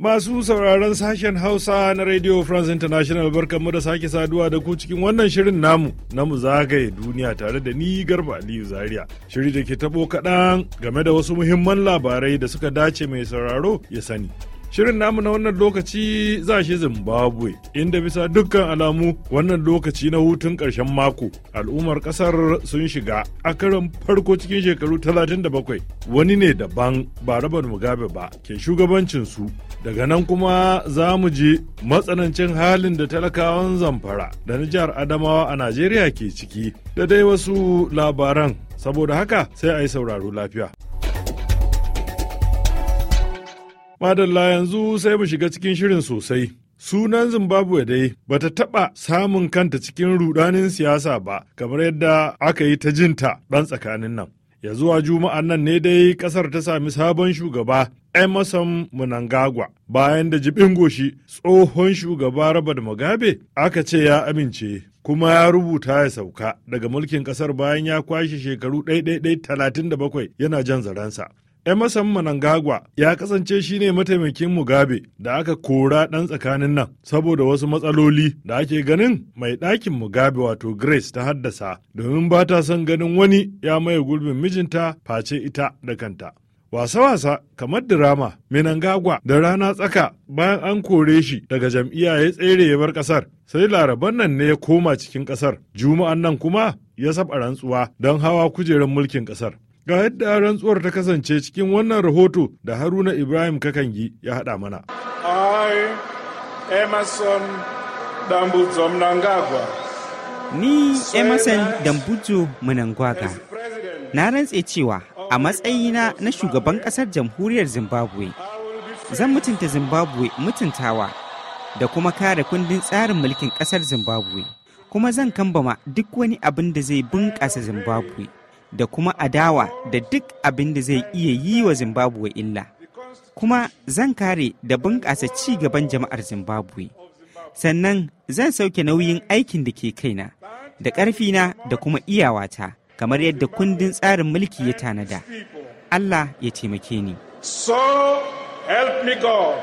Masu sauraron sashen Hausa na Radio France International barkanmu da sake saduwa da ku cikin wannan shirin namu na mu zagaye duniya tare da ni Garba Aliyu Zaria. Shiri da ke tabo kaɗan game da wasu muhimman labarai da suka dace mai sauraro ya sani. Shirin namu na wannan lokaci za shi Zimbabwe, inda bisa dukkan alamu wannan lokaci na hutun ƙarshen mako al'ummar ƙasar sun shiga a karan farko cikin shekaru 37 wani ne daban ba rabar Mugabe ba ke shugabancinsu. Daga nan kuma za mu je matsanancin halin da talakawan zamfara da na jihar Adamawa a Najeriya ke ciki da dai wasu labaran saboda haka sai a yi sauraro lafiya. Madalla yanzu sai mu shiga cikin shirin sosai. Sunan Zimbabwe dai bata taɓa samun kanta cikin rudanin siyasa ba kamar yadda aka yi ta jinta ɗan tsakanin nan. Ya zuwa juma'an nan ne dai ƙasar ta sami sabon shugaba Emerson Mnangagwa bayan da jibin goshi tsohon shugaba Robert Mugabe aka ce ya amince kuma ya rubuta ya sauka daga mulkin ƙasar bayan ya kwashe shekaru 1137 talatin da bakwai yana jan zaransa. Emerson Manangagwa ya kasance shine mataimakin Mugabe da aka kora ɗan tsakanin nan saboda wasu matsaloli da ake ganin mai ɗakin Mugabe wato Grace ta haddasa domin ba ta son ganin wani ya maye gurbin mijinta face ita da kanta. Wasa-wasa kamar dirama Minangagwa da rana tsaka bayan an kore shi daga jam'iyya ya tsere ya bar ƙasar sai laraban nan ne ya koma cikin ƙasar juma'an nan kuma ya saba rantsuwa don hawa kujerar mulkin ƙasar. Ga yadda rantsuwar ta kasance cikin wannan rahoto da Haruna Ibrahim Kakangi ya haɗa mana. I, Emerson Dambuzo Mnangagwa. Ni Emerson Dambuzo Mnangagwa. Na rantse cewa a matsayina na shugaban ƙasar jamhuriyar Zimbabwe. Zan mutunta Zimbabwe mutuntawa da kuma kare kundin tsarin mulkin ƙasar Zimbabwe. Kuma zan kambama duk wani abin da zai bunƙasa Zimbabwe. da kuma adawa da duk abin da zai iya yi wa Zimbabwe illa. Kuma zan kare da bunƙasa ci gaban jama'ar Zimbabwe. Sannan zan sauke nauyin aikin da ke kaina, da ƙarfina da kuma iyawata, kamar yadda kundin tsarin mulki ya tanada. Allah ya taimake ni. So help me God.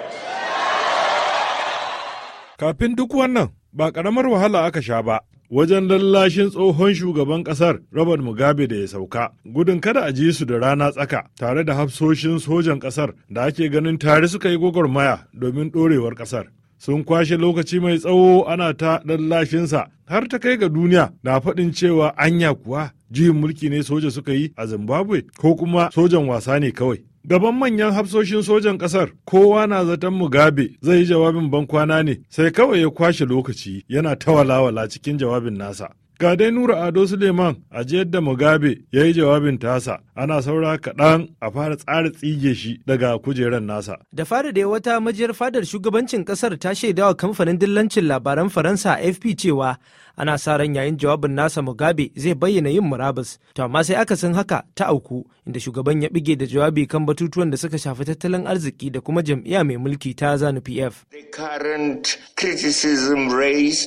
Kafin duk wannan, ba ƙaramar wahala aka sha ba. wajen lallashin tsohon shugaban kasar Robert Mugabe da ya sauka. Gudun kada a ji su da rana tsaka tare da hafsoshin sojan kasar da ake ganin tare suka yi gwagwarmaya domin ɗorewar kasar. Sun kwashe lokaci mai tsawo ana ta lallashinsa har ta kai ga duniya na faɗin cewa anya kuwa juyin mulki ne soja suka yi a Zimbabwe ko kuma sojan wasa ne kawai. gaban manyan hafsoshin sojan ƙasar kowa na zaton mugabe zai yi jawabin ban kwana ne sai kawai ya kwashe lokaci yana ta walawala cikin jawabin nasa Ga dai Nura Ado Suleiman a da Mugabe ya yi jawabin tasa ana saura kaɗan a fara tsara tsige shi daga kujerar nasa. Da fara da wata majiyar fadar shugabancin ƙasar ta shaidawa kamfanin dillancin labaran Faransa fp cewa ana sa ran yayin jawabin nasa Mugabe zai bayyana yin murabus. To amma sai san haka ta auku inda shugaban ya bige da jawabi kan batutuwan da suka shafi tattalin arziki da kuma jam'iyya mai mulki ta Zanu PF.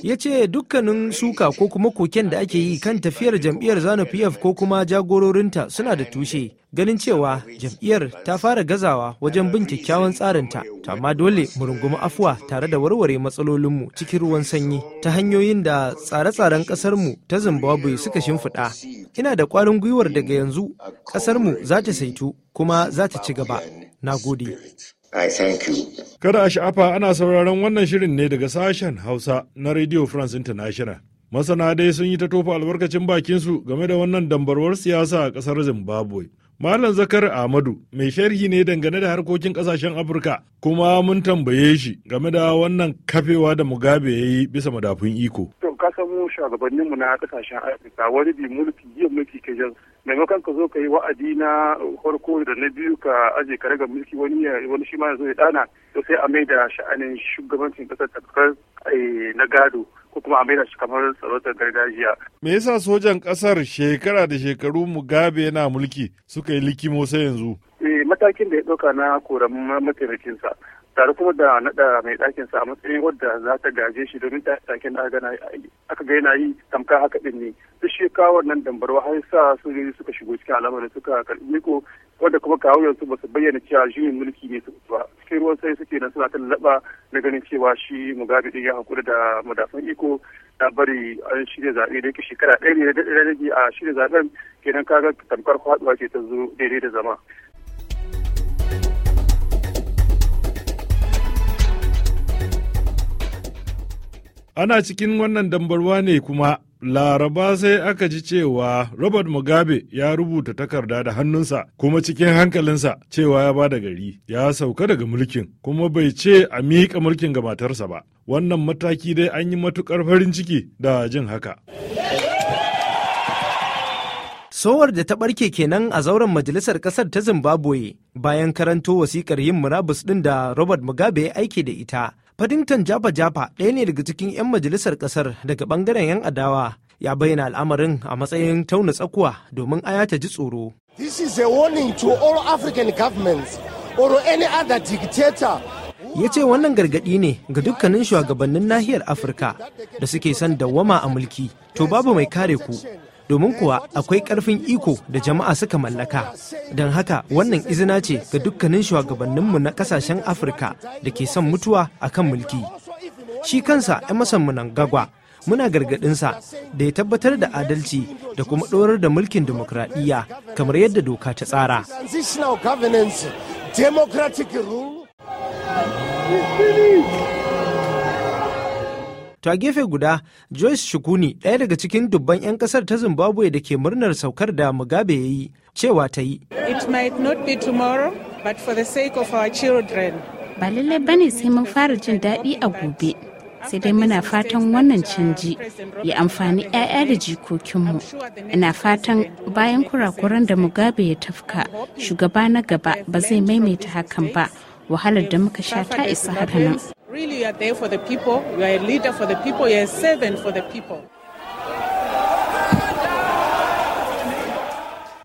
Ya ce dukkanin suka ko kuma koken da ake yi kan tafiyar jam'iyyar zanu pf ko kuma jagororinta suna da tushe ganin cewa jam'iyyar ta fara gazawa wajen bin kyakkyawan tsarinta to amma dole mu rungumi afuwa tare da warware matsalolinmu cikin ruwan sanyi ta hanyoyin da tsare-tsaren ƙasarmu ta zimbabwe suka shimfiɗa ina da ƙwarin gwiwar daga yanzu ƙasarmu za ta saitu kuma za ta ci gaba na gode Kada a sha'afa ana sauraron wannan shirin ne daga sashen Hausa na Radio France International. Masana dai sun yi ta tofa albarkacin bakinsu game da wannan dambarwar siyasa a kasar Zimbabwe. Malam Zakar Ahmadu mai sharhi ne dangane da harkokin kasashen Afirka kuma mun tambaye shi game da wannan kafewa da Mugabe ya yi bisa madafun iko. To ka shugabanninmu na kasashen Afirka wani bi mulki yin mulki ke jan maimakon ka zo ka yi wa'adi na farko da na biyu ka aje ka raga mulki wani wani shi ma ya zo ya dana to sai a maida sha'anin shugabancin kasar tafkar eh, na gado ko kuma a maida shi kamar sarautar gargajiya. Me yasa sojan kasar shekara da shekaru Mugabe yana mulki suka yi likimo sai yanzu? Eh, matakin da ya ɗauka na koran mataimakinsa tare kuma da naɗa mai ɗakin sa a matsayin wadda za ta gaje shi domin ta taken da aka ga yana yi tamka haka din ne duk shi kawo wannan dambarwa har sa sojoji suka shigo cikin al'amarin suka karɓi miko wadda kuma kawo yanzu ba su bayyana cewa juyin mulki ne su ba cikin ruwan sai suke nan suna laɓa na ganin cewa shi mugabe din ya da madafan iko ta bari an shirya zaɓe da yake shekara ɗaya ne da rage a shirya zaɓen kenan kaga tamkar faɗuwa ce ta zo daidai da zama Ana cikin wannan dambarwa ne kuma Laraba sai aka ji cewa Robert Mugabe ya rubuta takarda da hannunsa kuma cikin hankalinsa cewa ya bada gari ya sauka daga mulkin kuma bai ce a miƙa mulkin ga matarsa ba. Wannan mataki dai an yi matukar farin ciki da jin haka. Sowar da ta barke kenan a zauren majalisar kasar ta Zimbabwe bayan karanto wasikar yin murabus ɗin da Robert Mugabe ya aiki da ita Paddington Jafa Japa ɗaya ne daga cikin 'yan majalisar ƙasar daga ɓangaren 'yan adawa ya bayyana al'amarin a matsayin tauna tsakuwa domin aya ta ji tsoro. This is a to all African governments or any dictator ya ce wannan gargaɗi ne ga dukkanin shugabannin nahiyar afirka da suke son dawwama a mulki to babu mai kare ku domin kuwa akwai karfin iko da jama'a suka mallaka don haka wannan izina ce ga dukkanin shugabanninmu na kasashen afirka da ke son mutuwa a kan mulki shi kansa emerson mnangagwa muna gargaɗinsa da ya tabbatar da adalci da kuma ɗorar da mulkin demokradiyya kamar yadda doka ta tsara democratic rule To a gefe guda, Joyce Shukuni, ɗaya daga cikin dubban 'yan ƙasar ta Zimbabwe da ke murnar saukar da Mugabe ya yi, cewa ta yi. It might not be tomorrow, but for the sake of our children. Ba lallai bane sai mun fara jin daɗi a gobe. sai dai muna fatan wannan canji ya amfani 'ya'ya da jikokinmu ina fatan bayan kurakuran da mugabe ya tafka shugaba na gaba ba zai maimaita hakan ba wahalar da muka sha ta isa hakanan Really, you are there for the people. You are a leader for the people. You are a servant for the people.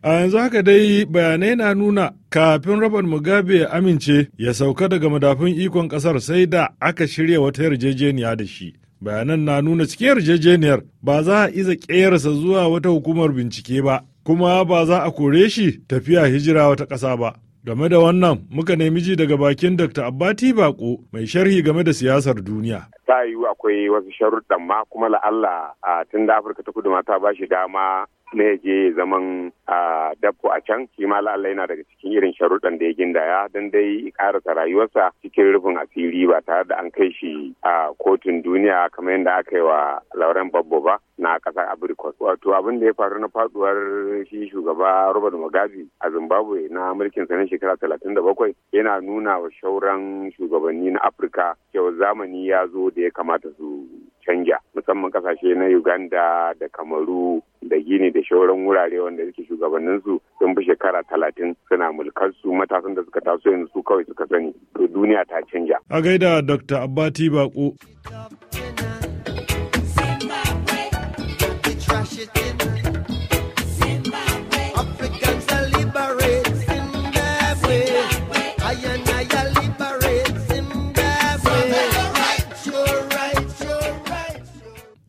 A yanzu haka dai bayanai na nuna kafin Robert Mugabe ya amince ya sauka daga madafin ikon kasar sai da aka shirya wata yarjejeniya da shi. Bayanan na nuna cikin yarjejeniyar ba za a iza kerasa zuwa wata hukumar bincike ba, kuma ba za a kore shi tafiya hijira wata ƙasa ba. Game da wannan muka nemi ji daga bakin Dr. Abbati Bako mai sharhi game da siyasar duniya. Ta yiwu akwai wasu sharuɗan ma kuma la'alla a tun da Afirka ta kudu ma ta ba shi dama na ya je zaman a dabko a can shi ma la'alla yana daga cikin irin sharuɗan da ya gindaya don dai karasa rayuwarsa cikin rufin asiri ba tare da an kai shi a kotun duniya kamar yadda aka yi wa lauren babbo ba na ƙasar abrikos wato abin da ya faru na faduwar shi shugaba robert mugabe a zimbabwe na mulkin sa na shekara talatin da bakwai yana nuna wa shauran shugabanni na afirka cewa zamani ya zo da ya kamata su canja musamman ƙasashe na uganda da kamaru da gini da shauran wurare wanda suke su sun fi shekara talatin suna mulkar su matasan da suka taso yanzu su kawai suka sani to duniya ta canja. a gaida dr abbati bako.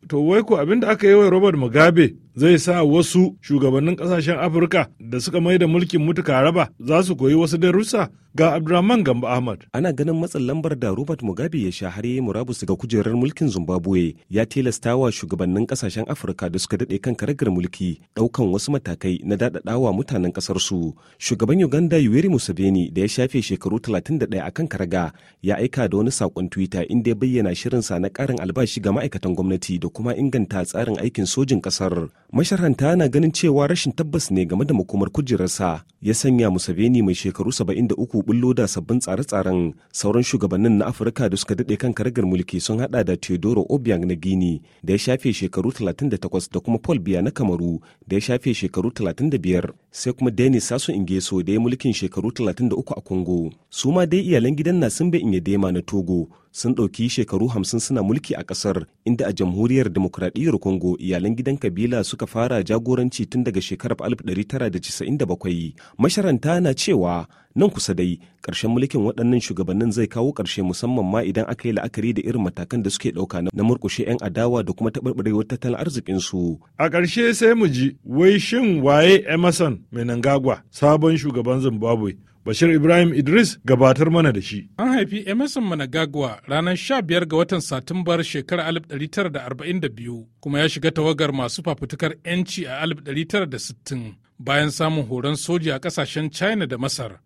to wai ku abin da aka yi wa Robert Mugabe zai sa wasu shugabannin kasashen afirka da suka mai da mulkin mutuka raba za su koyi wasu darussa ga abdulrahman gamba ahmad ana ganin matsin lambar da robert mugabe ya sha har yi murabus ga kujerar mulkin zimbabwe ya tilasta wa shugabannin kasashen afirka da suka daɗe kan karagar mulki ɗaukan wasu matakai na daɗaɗawa mutanen ƙasar su shugaban uganda yoweri museveni da ya shafe shekaru 31 a kan karaga ya aika da wani saƙon twitter inda ya bayyana shirinsa na ƙarin albashi ga ma'aikatan gwamnati da kuma inganta tsarin aikin sojin ƙasar masharhanta na ganin cewa rashin tabbas ne game da makomar kujerarsa ya sanya museveni mai shekaru 73 bullo da sabbin tsare-tsaren sauran shugabannin na afirka da suka daɗe kan karagar mulki sun hada da teodoro obiang na gini da ya shafe shekaru 38 da kuma paul biya na kamaru da ya shafe shekaru 35 sai kuma Denis Sassou Ingeso da ya mulkin shekaru 33 a Congo. Su ma dai iyalan gidan na Nasimbe dema na Togo sun ɗauki shekaru 50 suna mulki a ƙasar inda a jamhuriyar demokradiyyar Congo iyalan gidan kabila suka fara jagoranci tun daga shekarar 1997. Masharanta na cewa nan kusa dai karshen mulkin waɗannan shugabannin zai kawo ƙarshe musamman ma idan aka yi la'akari da irin matakan da suke ɗauka na murƙushe 'yan adawa da kuma taɓarɓarewar tattalin su A karshe sai mu ji wai shin waye Emerson Menangagwa sabon shugaban Zimbabwe Bashir Ibrahim Idris gabatar mana da shi. An haifi Emerson Managagwa ranar 15 ga watan Satumbar shekarar 1942 kuma ya shiga tawagar masu fafutukar 'yanci a 1960 bayan samun horon soja a kasashen China da Masar.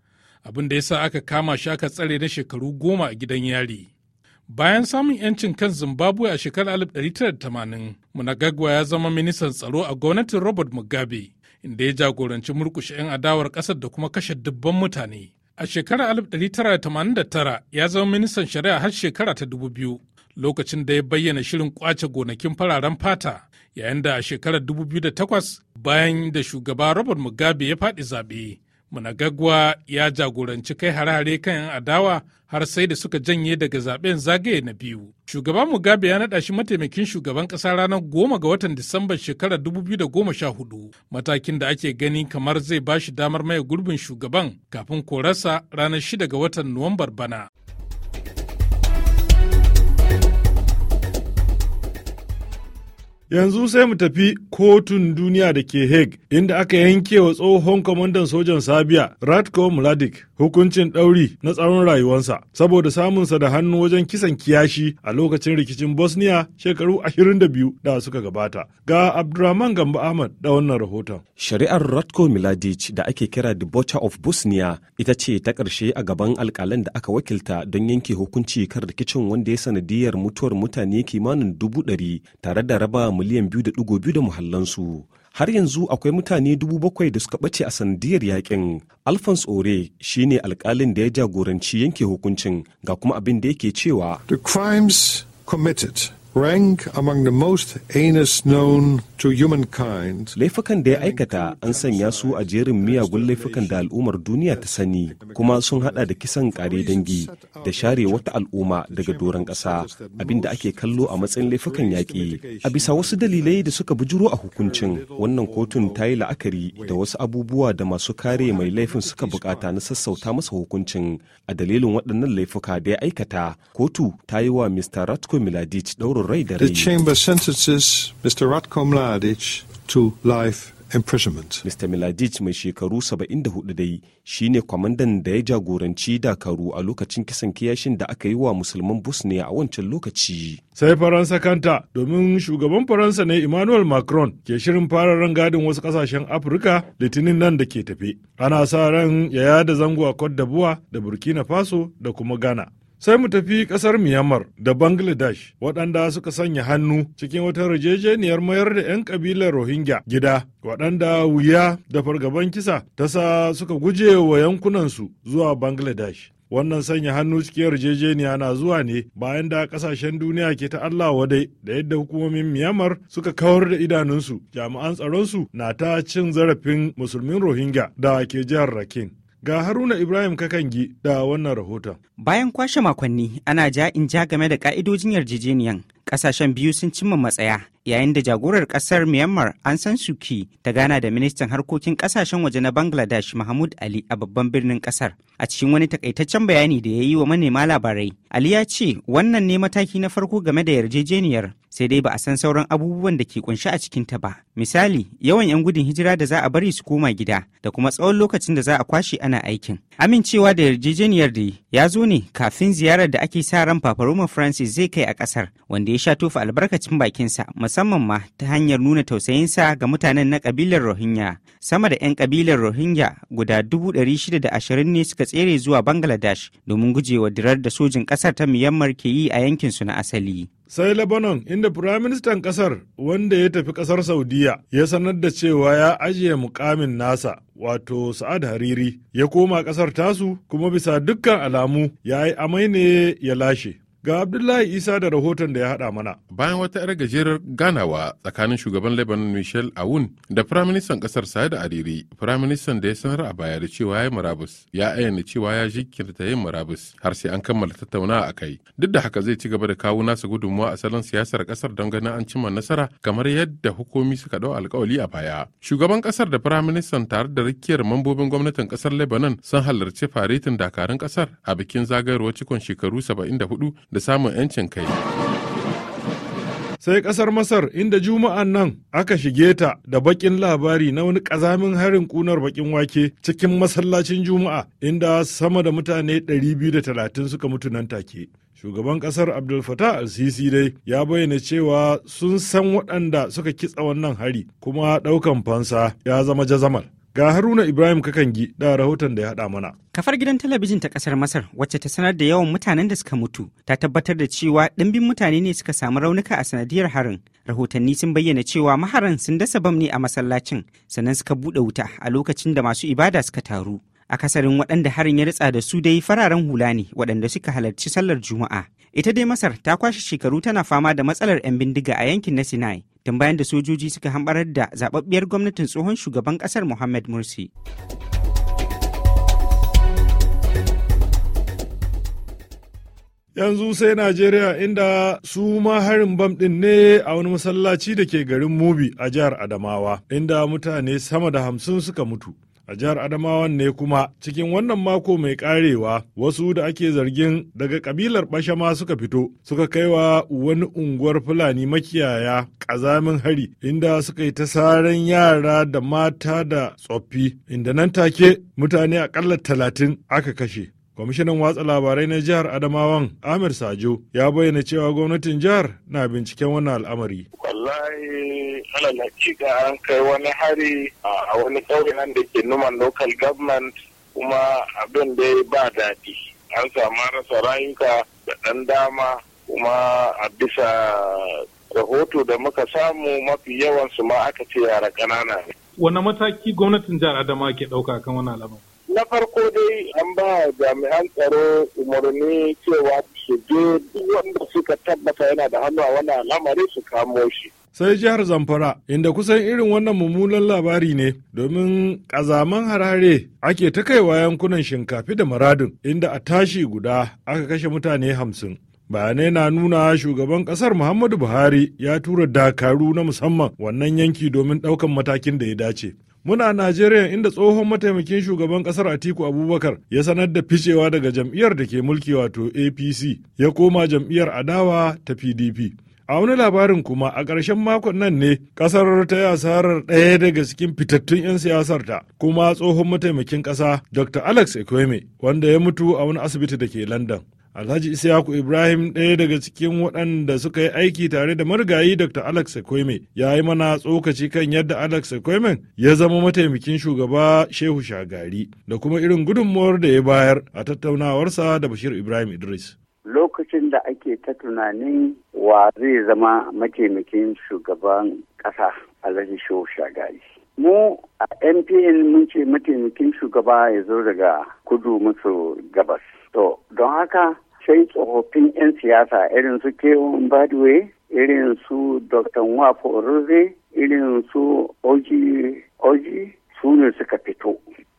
abin da ya sa aka kama shi aka tsare na shekaru goma a gidan yari. Bayan samun 'yancin kan Zimbabwe a shekarar 1980, Munagagwa ya zama ministan tsaro a gwamnatin Robert Mugabe, inda ya jagoranci murkushe 'yan adawar ƙasar da kuma kashe dubban mutane. A shekarar 1989 ya zama ministan shari'a har shekara ta 2000, lokacin da ya bayyana shirin kwace gonakin fararen fata, yayin da a shekarar 2008 bayan da shugaba Robert Mugabe ya faɗi zaɓe. Managagwa ya jagoranci kai hare-hare kan 'yan adawa har sai da suka janye daga zaben zagaye na biyu. Shugaban Mugabe ya naɗa shi mataimakin shugaban ƙasa ranar goma ga watan Disambar shekarar 2014 matakin da ake gani kamar zai ba shi damar maye gurbin shugaban kafin korarsa ranar 6 ga watan Nuwambar bana. Yanzu sai mu tafi kotun duniya da ke Hague inda aka yanke wa tsohon kwamandan sojan Sabiya Ratko Mladic hukuncin ɗauri na tsaron rayuwansa saboda samunsa da hannu wajen kisan kiyashi a lokacin rikicin Bosnia shekaru 22 da suka gabata. Ga Abdurrahman Gamba Ahmad da wannan rahoton. Shari'ar Ratko Mladic da ake kira The Butcher of Bosnia ita ce ta ƙarshe a gaban alƙalan da aka wakilta don yanke hukunci kan rikicin wanda ya sanadiyar mutuwar mutane kimanin dubu ɗari tare da raba miliyan biyu da ɗigo biyu da muhallansu. har yanzu akwai mutane dubu bakwai da suka ɓace a sanadiyar yakin alphonse ore ne alkalin da ya jagoranci yanke hukuncin ga kuma abin da yake cewa the crimes committed rank among the most heinous known Laifukan da ya aikata an sanya su a jerin miyagun laifukan da al'ummar duniya ta sani kuma sun hada da kisan kare dangi da share wata al'umma daga doron ƙasa abinda ake kallo a matsayin laifukan yaƙi. A bisa wasu dalilai da suka bujuro a hukuncin wannan kotun ta yi la'akari da wasu abubuwa da masu kare mai laifin suka bukata na sassauta masa hukuncin a dalilin waɗannan laifuka da ya aikata kotu ta yi wa Mr. Ratko Miladic ɗaurin rai da rai. The chamber Mladic to life imprisonment. Mr. Miladic mai shekaru 74 dai shi ne kwamandan da ya jagoranci Dakaru a lokacin kisan kiyashin da aka yi wa musulman Bosnia a wancan lokaci. Sai Faransa kanta domin shugaban Faransa ne Emmanuel Macron ke shirin fara rangadin wasu kasashen Afirka litinin nan da ke tafe. Ana sa ran ya yada zango a Cote d'Ivoire da Burkina Faso da kuma Ghana. Sai mu tafi ƙasar Myanmar da Bangladesh waɗanda suka sanya hannu cikin wata rajejeniyar mayar da 'yan ƙabilar Rohingya gida waɗanda wuya da fargaban kisa ta sa suka guje wa yankunansu zuwa Bangladesh. wannan sanya hannu cikin yarjejeniya na zuwa ne bayan da kasashen duniya ke ta Allah wadai da yadda hukumomin Myanmar suka kawar da idanunsu jami'an tsaronsu na ta cin zarafin musulmin Rohingya da ke jihar Rakhine. Ga Haruna Ibrahim Kakangi da wannan rahoton. Bayan kwashe makonni ana ja in ja game da ka'idojin yarjejeniyan, ƙasashen biyu sun cimma matsaya yayin da jagorar kasar myanmar an san suki ta gana da ministan harkokin kasashen waje na bangladesh mahmud ali a babban birnin kasar a cikin wani takaitaccen bayani da ya yi wa manema labarai ali ya ce wannan ne mataki na farko game da yarjejeniyar sai dai ba a san sauran abubuwan da ke kunshi a cikin ta ba misali yawan 'yan gudun hijira da za a bari su koma gida da kuma tsawon lokacin da za a kwashe ana aikin amincewa da yarjejeniyar da ya zo ne kafin ziyarar da ake sa ran paparoma francis zai kai a kasar wanda ya sha tofa albarkacin bakinsa musamman ma ta hanyar nuna tausayinsa ga mutanen na kabilar Rohingya. Sama da 'yan kabilar Rohingya guda 620 ne suka tsere zuwa Bangladesh domin gujewa dirar da sojin ƙasar ta Myanmar ke yi a yankinsu na asali. sai lebanon inda firaministan kasar wanda ya tafi kasar saudiya ya sanar da cewa ya ajiye mukamin nasa wato sa'ad hariri ya koma kasar tasu kuma bisa dukkan alamu ya yi amai ne ya lashe Ga Abdullahi Isa da rahoton da ya haɗa mana. Bayan wata 'yar gajerar ganawa tsakanin shugaban Lebanon Michel Aoun da Firaministan ƙasar Sa'ad adiri Firaministan da ya sanar a baya da cewa ya yi murabus, ya ayyana cewa ya jinkirta yin murabus har sai an kammala tattaunawa a kai. Duk da haka zai ci gaba da kawo nasa gudunmuwa a salon siyasar ƙasar don ganin an cimma nasara kamar yadda hukumi suka ɗau alkawali a baya. Shugaban ƙasar da Firaministan tare da rikiyar mambobin gwamnatin ƙasar Lebanon sun halarci faretin dakarun ƙasar a bikin zagayowar cikon shekaru 74 da samun 'yancin kai. sai ƙasar masar inda juma'an nan aka shige ta da bakin labari na wani ƙazamin harin kunar bakin wake cikin masallacin juma'a inda sama da mutane 230 suka mutu nan take shugaban ƙasar abdul fattah al-sisi dai ya bayyana cewa sun san waɗanda suka kitsa wannan hari kuma ɗaukan fansa ya zama jazamal Ga Haruna Ibrahim Kakangi da rahoton da ya haɗa mana. Kafar gidan talabijin ta ƙasar Masar wacce ta sanar da yawan mutanen da suka mutu ta tabbatar da cewa ɗimbin mutane ne suka samu raunuka a sanadiyar harin. Rahotanni sun bayyana cewa maharan sun dasa bam ne a masallacin sannan suka buɗe wuta a lokacin da masu ibada suka taru. akasarin waɗanda harin ya ritsa da su dai fararen hula ne waɗanda suka halarci sallar juma'a ita dai masar ta kwashe shekaru tana fama da matsalar 'yan bindiga a yankin na sinai tun bayan da sojoji suka hambarar da zababbiyar gwamnatin tsohon shugaban ƙasar muhammad mursi yanzu sai Najeriya inda su ma harin bam ɗin ne a wani masallaci da ke garin Mubi a jihar Adamawa, inda mutane sama da hamsin suka mutu. a jihar Adamawan ne kuma cikin wannan mako mai karewa wasu da ake zargin daga kabilar Bashama suka fito suka kaiwa wani unguwar Fulani makiyaya ƙazamin hari inda suka yi ta saran yara da mata da tsoffi inda nan take mutane akalla talatin aka kashe. kwamishinan watsa labarai na jihar adamawan amir sajo ya bayyana cewa gwamnatin jihar na binciken wannan al'amari wallahi alal ga an kai wani hari a wani ƙauye nan da ke numan local government kuma abin da ba daɗi an samu rasa rayuka da ɗan dama kuma a bisa rahoto da muka samu mafi yawan su ma aka ce yara ƙanana ne. wani mataki gwamnatin jihar Adama ke ɗauka kan wani al'amari? na farko dai an ba jami'an tsaro umarni cewa su je duk wanda suka tabbata yana da hannu a wannan al'amari su kamo shi sai jihar zamfara inda kusan irin wannan mummunan labari ne domin ƙazaman harare ake ta kaiwa yankunan shinkafi da maradin inda a tashi guda aka kashe mutane hamsin bayanai na nuna shugaban kasar muhammadu buhari ya tura dakaru na musamman wannan yanki domin ɗaukan matakin da ya dace Muna Najeriya inda tsohon mataimakin shugaban kasar Atiku Abubakar ya sanar da ficewa daga jam'iyyar da ke mulki wato APC ya koma jam'iyyar adawa ta PDP. A wani labarin kuma a ƙarshen makon nan ne ƙasar ta yi asarar ɗaya daga cikin fitattun 'yan siyasarta, kuma tsohon mataimakin ƙasa Dr. Alex Ekweme wanda ya mutu a wani asibiti da ke London. Alhaji Isiyaku Ibrahim ɗaya daga cikin waɗanda suka yi aiki tare da marigayi Dr. Alex Sekweme ya yi mana tsokaci kan yadda Alex Sekweme ya zama mataimakin shugaba Shehu Shagari da kuma irin gudunmuwar da ya bayar a tattaunawarsa da Bashir Ibrahim Idris. Lokacin da ake ta tunanin wa zai zama mataimakin shugaban ƙasa Alhaji Shehu Shagari. Mu a npn mun ce mataimakin shugaba ya zo daga kudu maso gabas to don haka sai tsofaffin 'yan siyasa irin su kewan badway irin su dr nwafo orore irin su oji oji su ne suka fito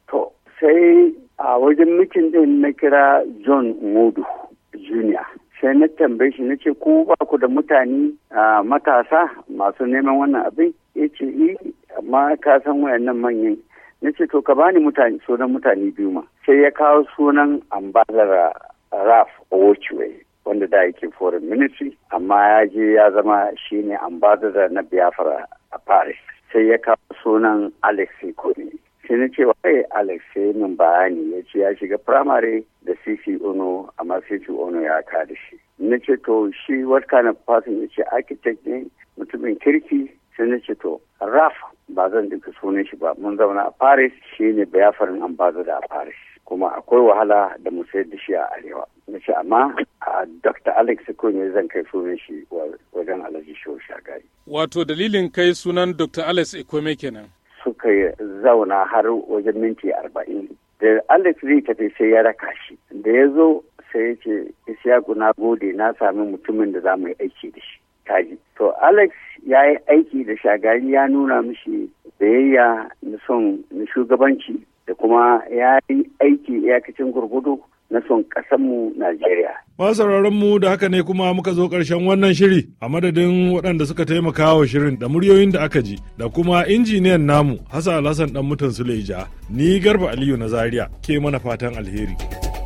to sai a wajen mikin din na kira john modu junior sai na tambaye shi na ce ku ba ku da mutane A ah, matasa masu neman wannan abin ya ce eh, amma ka san wayannan manyan na ce to ka bani mutane sunan mutane biyu ma sai ya kawo sunan ambasador raf owochiwe wanda da yake foreign ministry amma ya je ya zama shine ambasador na biafra a paris sai ya kawo sunan alex kone sai na ce wai alex sai min bayani ya ce ya shiga primary da cc ono amma cc ono ya kada shi na ce to shi what kind of person ya ce architect ne mutumin kirki sai na ce to raf ba zan duka sunan shi ba mun zauna a paris shi ne bayafarin da a paris kuma akwai wahala da mu sayar da shi a arewa na ce amma a dr alex ne zan kai sunan shi wajen alhaji shehu shagari wato dalilin kai sunan dr alex ikome kenan suka zauna har wajen minti arba'in da alex zai tafi sai ya raka shi da ya zo sai ya ce isiyaku na gode na sami mutumin da za mu yi aiki da shi kaji to alex ya yi aiki da shagari ya nuna mishi biyayya na son na shugabanci da kuma ya yi aiki iyakacin gurgudu na son ƙasanmu Najeriya. Masu mu da haka ne kuma muka zo ƙarshen wannan shiri a madadin waɗanda suka taimaka wa shirin da muryoyin da aka ji da kuma injiniyan namu Hassan Alhassan ɗan mutan Suleja ni Garba Aliyu na Zaria ke mana fatan alheri.